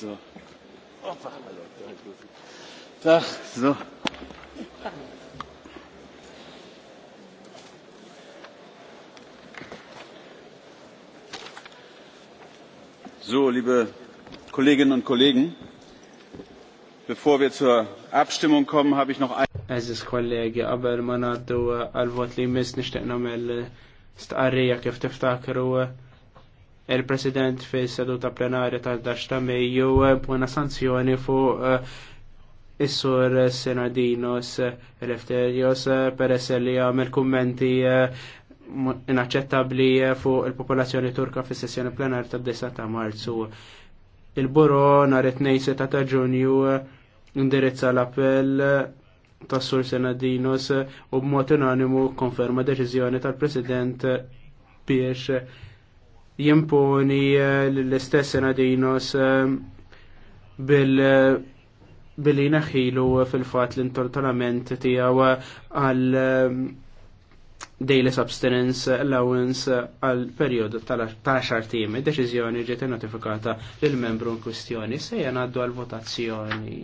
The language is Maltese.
So. Tag, so. So, liebe Kolleginnen und Kollegen, bevor wir zur Abstimmung kommen, habe ich noch ein Aziz kollegi, qabel ma naddu għal-vot li jmiss nishtiq namel stqarrija kif tiftakru il-President fi seduta plenarja tal-10 ta' Mejju eh, b'una sanzjoni fuq eh, is-sur Senadinos Elefterios eh, peress li għamil kummenti inaċċettabbli fuq il-popolazzjoni turka fis sessjoni plenarja tad 10 ta' Marzu. Il-Buro nhar it-tnejn seta' ta' Ġunju indirizza l-appell tas Sur Senadinos u b'mod unanimu konferma deċiżjoni tal-President biex jimponi eh, l-istess Senadinos eh, bil eh, billi naħilu fil-fat l-intortolament tijaw għal daily substance allowance għal periodu tal-10 tim. Deċiżjoni ġiet notifikata lill membru in kwistjoni se jgħan għaddu għal votazzjoni.